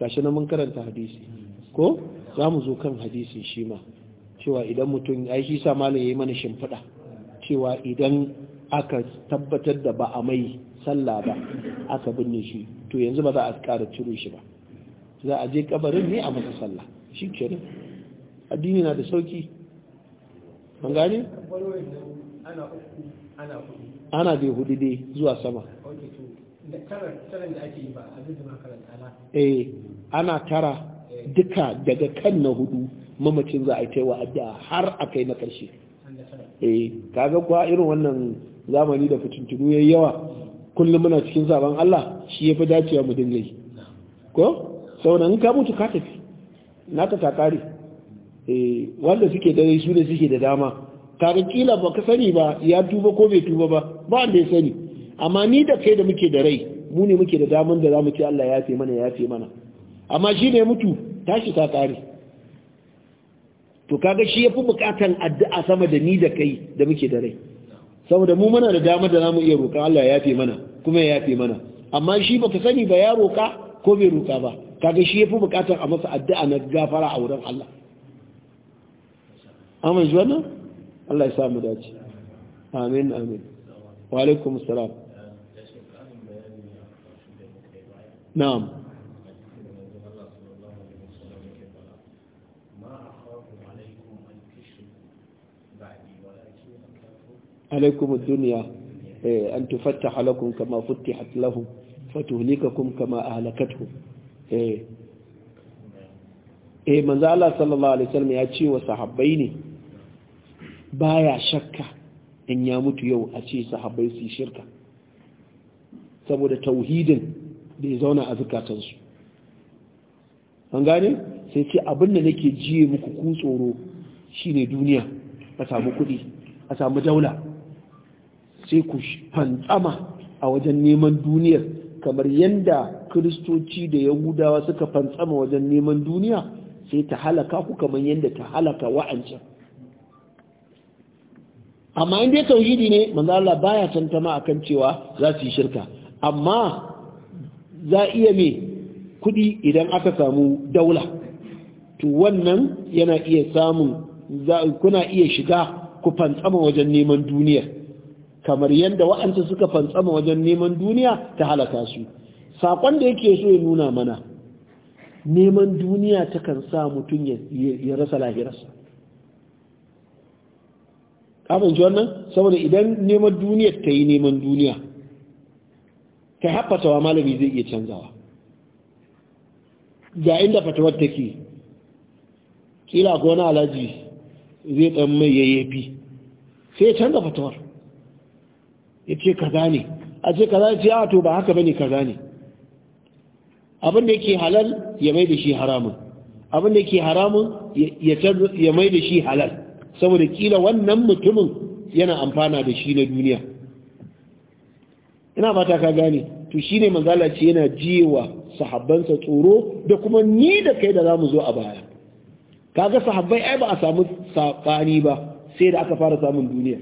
gashi na mun karanta hadisi ko za mu zo kan hadisi shi ma cewa idan mutum ya shi sa malam yi mana shimfiɗa cewa idan aka tabbatar da ba a mai sallah ba aka binne shi to yanzu ba za a ƙara ciro shi ba za a je kabarin ne a masa sallah shi addini na da sauki an gane ana bai hudu dai zuwa sama da eh, ana tara eh. duka daga kan na hudu mamacin za a yi wa addu'a har a kai na karshe eh kaga kuwa irin wannan zamani da fitintunu yayi yawa kullum muna cikin zaben Allah shi yafi dacewa mu dinga yi ko saboda in ka mutu ka tafi na ta takare eh wanda suke dare su da suke da dama kaga kila ba ka sani ba ya tuba ko bai tuba ba ba wanda ya sani amma ni da kai da muke da rai mu ne muke da damar da za mu ce Allah ya fi mana ya fi mana amma shi ne mutu tashi ta kare to kaga shi ya fi bukatan addu'a sama da ni da kai da muke da rai saboda mu muna da damar da za mu iya roƙa Allah ya fi mana kuma ya fi mana amma shi baka sani ba ya roƙa ko bai roƙa ba kaga shi ya fi bukatan a masa addu'a na gafara a wurin Allah amin zuwa Allah ya samu dace amin amin wa alaikum salam na'am alaikum duniya eh, an tufattaha lakum kama futihat lahum fatuhlikakum kama ahlakatuhum eh eh manzo Allah sallallahu alaihi wasallam ya ce wa sahabbai ne baya shakka in ya mutu yau a ce sahabai su shirka saboda tauhidin da zauna a zukatansu an gane sai ce abin da nake jiye muku ku tsoro shine duniya a samu kuɗi a samu daula sai ku fantsama a wajen neman duniyar kamar yadda kiristoci da yahudawa suka fantsama wajen neman duniya sai ta halaka ku kamar yadda ta halaka wa'ancan amma in dai tauhidi ne manzo baya tantama akan cewa za su yi shirka amma za a iya me kudi idan aka samu daula to wannan yana iya samun kuna iya shiga ku fantsama wajen neman duniya kamar yadda wa'anta suka fantsama wajen neman duniya ta halaka su saƙon da yake so ya nuna mana neman duniya takan sa mutum ya rasa lahirarsa ƙafin shi wannan saboda idan neman duniya ta yi neman duniya Ka haɓɓata wa malami zai iya canzawa ga inda fatawar take kila ko wani alaji zai ɗan mai fi, sai ya canza fatawar ya ce kaza ne a ce kaza ce a ah, to ba haka bane kaza ne abin da yake halal ya mai da shi haramun abin da yake haramun ya mai da shi halal saboda kila wannan mutumin yana amfana da shi na duniya ina mata ka gane to shine manzala ce yana jiwa sahabbansa tsoro da kuma ni da kai da zamu zo a baya kaga sahabbai ai ba a samu sabani ba sai da aka fara samun duniya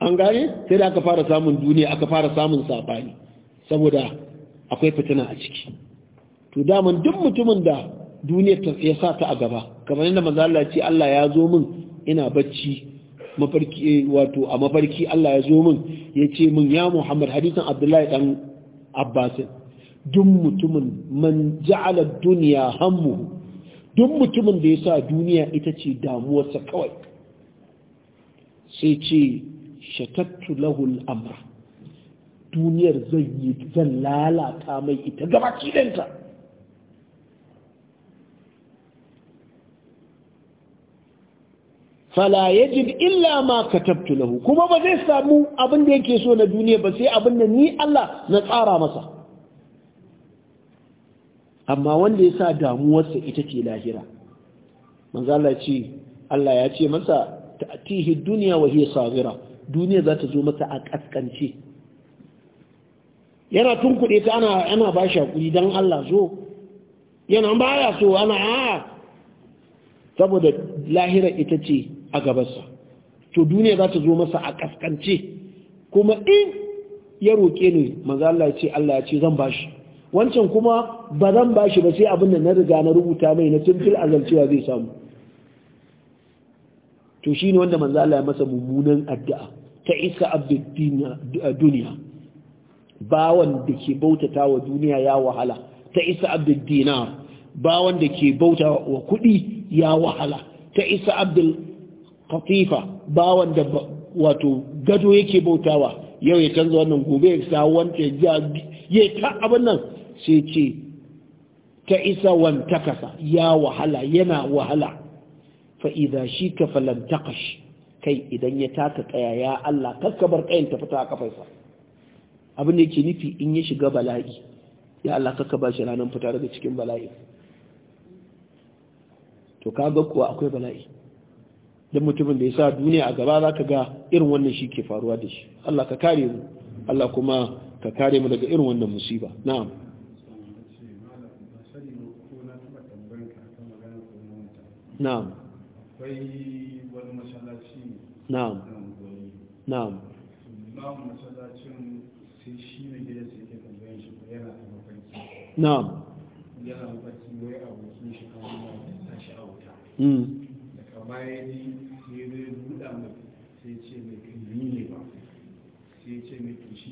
an gane sai da aka fara samun duniya aka fara samun sabani saboda akwai fitina a ciki to daman duk mutumin da duniyar ta ya sa ta a gaba kamar yadda manzo Allah ce Allah ya zo min ina bacci mafarki eh, wato a mafarki Allah ya zo min ya ce min ya Muhammad hadisan Abdullahi dan Abbasin Dun mutumin man ja'ala duniya hammu dun mutumin da ya sa duniya ita ce damuwarsa kawai sai ce shatattu amra duniyar zan yi lalata mai ita gaba kidanta fala yajid illa ma katabtu lahu kuma ba zai samu abin da yake so na duniya ba sai abin da ni Allah na tsara masa amma wanda ya sa damuwarsa ita ce lahira manzo Allah ce Allah ya ce masa ta'tihi dunya wa hiya saghira duniya za ta zo masa a kaskance yana tunkuɗe ta ana ana ba shi hakuri dan Allah zo yana baya so ana a saboda lahira ita ce a gabansa to duniya za ta zo masa a kaskance kuma in ya roƙe ni manzo Allah ya ce Allah ya ce zan bashi wancan kuma ba zan bashi ba sai abin da na riga na rubuta mai na tuntul azalcewa zai samu to shine wanda manzo Allah ya masa mummunan addu'a ta isa abduddin duniya bawan da ke bautata wa duniya ya wahala ta isa abduddin bawan da ke bauta wa kudi ya wahala ta isa abdul katifa bawan da wato gado yake bautawa yau ya canza wannan gobe ya sa wanda ya ya ta abin nan sai ce ta isa wanta kasa. ya wahala yana wahala Fa'iza shi ka falanta kashi kai idan ya taka tsaya ya Allah kakkabar kayan ta fita a kafarsa abin da yake nufi in ya shiga bala'i ya Allah kakka ba shi ranar fita daga cikin bala'i to kaga kuwa akwai bala'i duk mutumin da ya sa duniya a gaba za ka ga irin wannan shi ke faruwa da shi Allah ka kare mu Allah kuma ka kare mu daga irin wannan musiba na'am na'am na'am na'am na'am yana mafarki wai abokin shi da a wuta hmm. da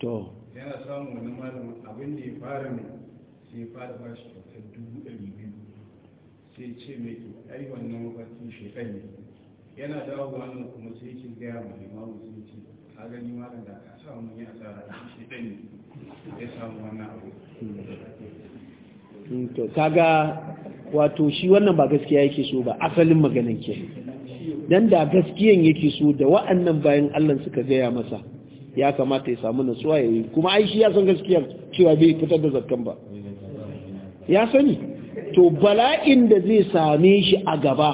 to yana samu wani malamin abin da ya fara ne sai fara ba shi kyautar dubu ɗari biyu sai ce mai ke ai wannan mafarki shekai ne yana dawo nan kuma sai ke gaya ma limamu sai ce ka gani malam da ka samu mun yi asara shi shekai ne ya samu wannan abu hmm, to kaga wato shi wannan ba gaskiya yake so ba asalin maganin ke dan da gaskiyan yake so da wa'annan bayan Allah suka gaya masa ya kamata ya samu natsuwa ya yi kuma ai shi ya san gaskiyar cewa bai fitar da zakkan ba ya sani to bala'in da zai same shi a gaba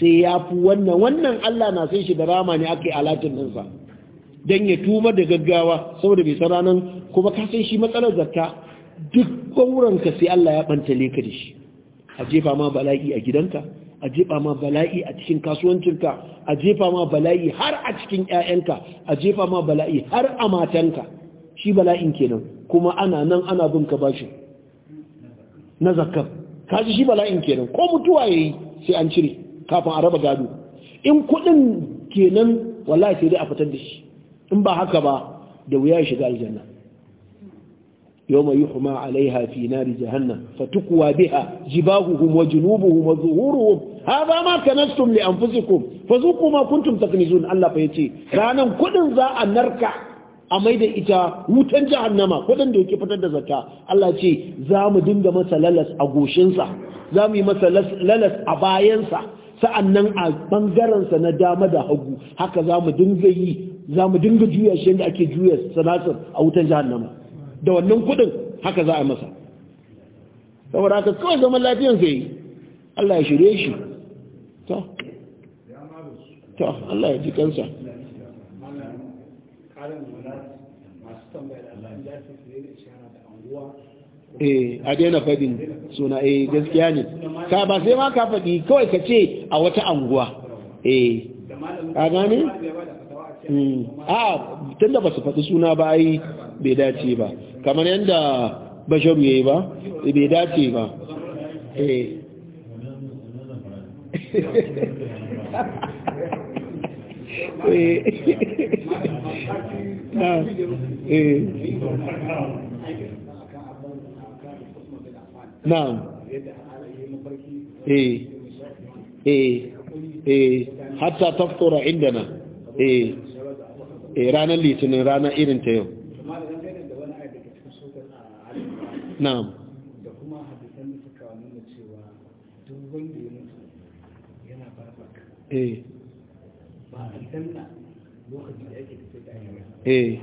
sai ya fi wannan wannan Allah na san shi da rama ne aka yi alatin ɗinsa don ya tuma da gaggawa saboda bai nan kuma ka san shi matsalar zakka duk ɓauranka sai Allah ya ɓanta leka da shi a jefa ma bala'i a gidanka a jefa ma bala'i a cikin kasuwancinka a jefa ma bala'i har a cikin 'ya'yanka. a jefa ma bala'i har a matanka shi bala'in kenan kuma ana nan ana bin ka bashi na zakar kaji shi bala'in kenan ko mutuwa yayi sai an cire kafin a raba gado in kuɗin kenan wallahi sai dai a fitar da shi in ba haka ba da wuya ya shiga aljanna يوم يحمى عليها في نار jahannam fatukwa biha جباههم وجنوبهم وظهورهم hadha ma kanastum li anfusikum fazuqu ma kuntum taknizun Allah fa yace ranan kudin za a narka a da ita wutan jahannama kudin da yake fitar da zakka Allah ya ce za mu dinga masa lalas a goshinsa za mu yi masa lalas a bayansa sa'annan a bangarensa na dama da hagu haka za mu dinga yi za mu dinga juya shi yadda ake juya sanatar a wutan jahannama da wannan kudin haka za a masa saboda haka kawai zaman lafiyan zai yi Allah ya shirye shi ta ta Allah ya ji kansa eh a daina fadin suna eh gaskiya ne ka ba sai ma ka fadi kawai ka ce a wata anguwa eh ka gane hmm. a tunda ba su faɗi suna ba ai bai dace ba kamar yadda bashar yayi ba bai dace ba eh na'am eh eh, eh eh eh hatta taftura indana eh eh ranar litinin rana irin ta yau na'am Eh. Eh.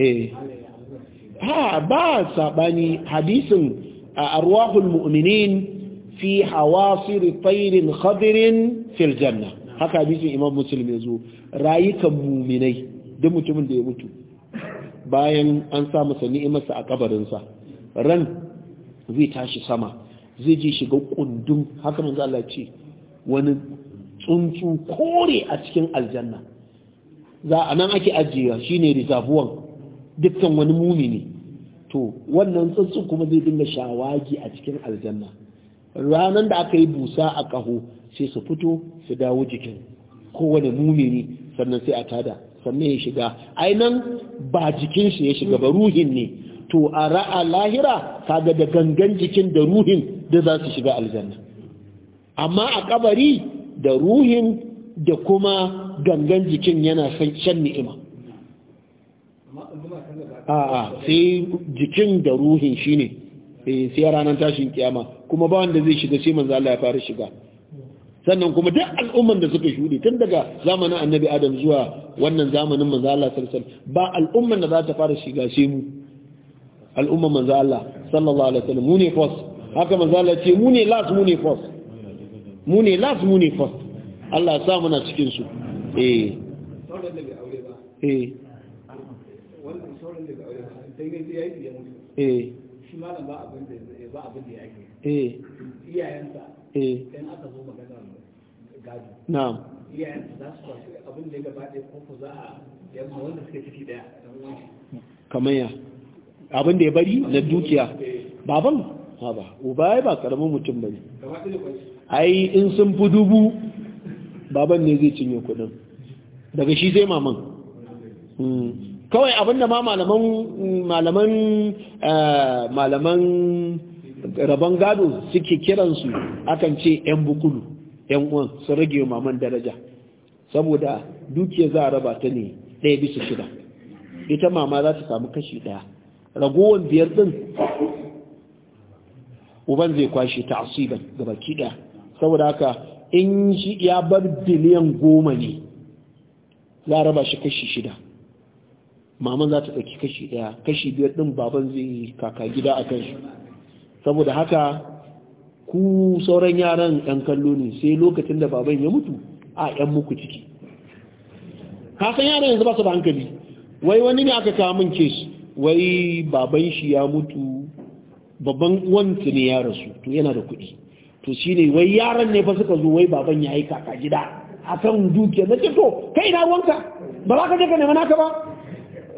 Eh. ha ba sabani hadisin arwahul mu'minin fi hawasir tayrin khadirin fil janna haka hadisin imam muslim yazo rayukan mu'minai duk mutumin da ya mutu bayan an sa masa ni'imarsa a kabarinsa ran zai tashi sama zai je shiga ƙundun. haka manzo Allah ce wani tsuntsu kore a cikin aljanna za a nan ake ajiyewa ne rizabuwan dukkan wani ne to wannan tsuntsu kuma zai dinga shawagi a cikin aljanna ranar da aka yi busa a kaho sai su fito su dawo jikin kowane ne sannan sai a tada sannan ya shiga ainihin ba jikin shi ya shiga ba ruhin ne to a ra'a lahira kaga da gangan jikin da ruhin da za su shiga aljanna amma a kabari da ruhin da kuma gangan jikin yana shan ni'ima a'a sai jikin da ruhin shine eh, sai ranar tashin kiyama kuma ba wanda zai shiga sai manzo Allah ya fara shiga sannan kuma duk al'umman da suka shuɗe tun daga zamanin annabi adam zuwa wannan zamanin manzo Allah sallallahu alaihi wasallam ba al'umman da za ta fara shiga sai mu al'umman manzo Allah sallallahu alaihi wasallam mu ne first haka manzo Allah ce mu ne last mu ne first mu ne last mu ne first Allah sa muna cikin su eh da aure ba eh wannan da aure ba dai mu eh shi malam ba abin da ba abin da yake eh iyayensa eh dan aka zo magana gado na'am iyayensa za su kwashi abin da ya gaba da ko za a yamma wanda suke ciki daya kamar ya abin da ya bari na dukiya baban haba uba ba karamin mutum ba ne ai in sun fi dubu baban ne zai cinye kudin daga shi zai maman hmm. kawai abinda ma malaman malaman eh, malaman rabon gado suke kiransu akan ce 'yan bukulu 'yan uwan su rage maman daraja saboda dukiya za a raba ta ne ɗaya bisa shida ita mama za ta samu kashi ɗaya ragowar biyar ɗin uban zai kwashe ta asiban gaba kiɗa saboda haka in shi ya bar biliyan goma ne za a raba shi kashi shida maman za ta tsaki kashi ɗaya kashi biyar ɗin baban zai kaka gida a kai saboda haka ku sauran yaran ɗan kallo ne sai lokacin da baban ya mutu a ‘yan muku ciki kasan yaran yanzu ba su da hankali wai wani ne aka kawo min kes wai baban shi ya mutu babban wanti ne ya rasu to yana da kuɗi to shine wai yaran ne fa suka zo wai baban ya aika ka gida akan dukiya na ce to kai na wanka ba za ka je ka nema naka ba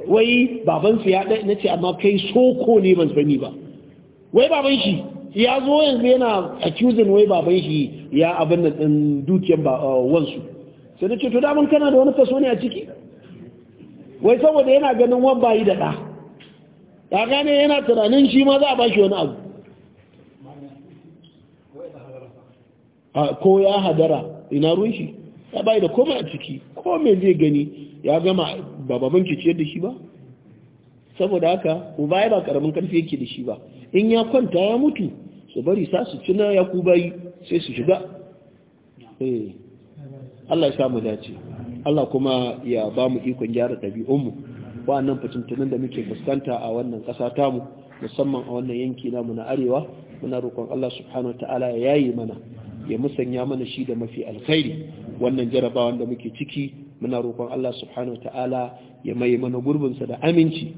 wai baban su ya dai nace amma kai soko ne ban sani ba wai baban shi ya zo yanzu yana accusing wai baban shi ya abin da din dukiyar uh, wansu sai nace to mun kana da wani kaso ne a ciki wai saboda yana ganin wan bayi da ɗa ya gane yana tunanin shi ma za a bashi wani abu ko ya hadara ina ruwan shi ya bayi da komai a ciki ko mai zai gani ya gama bababan ke ciyar da shi ba saboda haka uba ya ba karamin karfi yake da shi ba in ya kwanta ya mutu su bari sa su cina ya kubayi sai su shiga eh, Allah ya samu dace Allah kuma ya ba mu ikon gyara ɗabi'unmu ba wa'annan fitintunin da muke fuskanta a wannan ƙasa mu musamman a wannan yanki namu na arewa muna roƙon Allah subhanahu ta'ala ya yayi mana ya musanya mana shi da mafi alkhairi wannan jarabawan da muke ciki muna roƙon Allah subhanahu ta'ala ya mai mana gurbin sa da aminci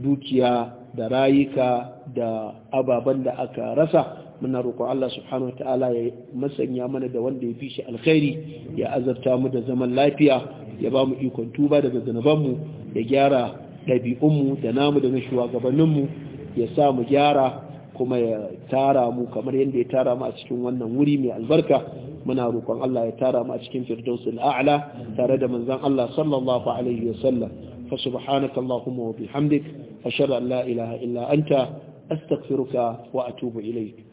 dukiya da rayuka da ababan da aka rasa muna roƙon Allah subhanahu wataala ya masanya mana da wanda ya fi shi alkhairi ya azabta mu da zaman lafiya ya ba mu ikon tuba daga zanubanmu ya gyara ɗabi'unmu da namu da na shugabanninmu ya sa mu gyara kuma ya tara mu kamar yadda ya tara mu a cikin wannan wuri mai albarka muna roƙon Allah ya tara mu a cikin firdausul a'la tare da manzon Allah sallallahu alaihi wasallam fa subhanaka allahumma wa bihamdik ashhadu an la ilaha illa anta astaghfiruka wa atubu ilayk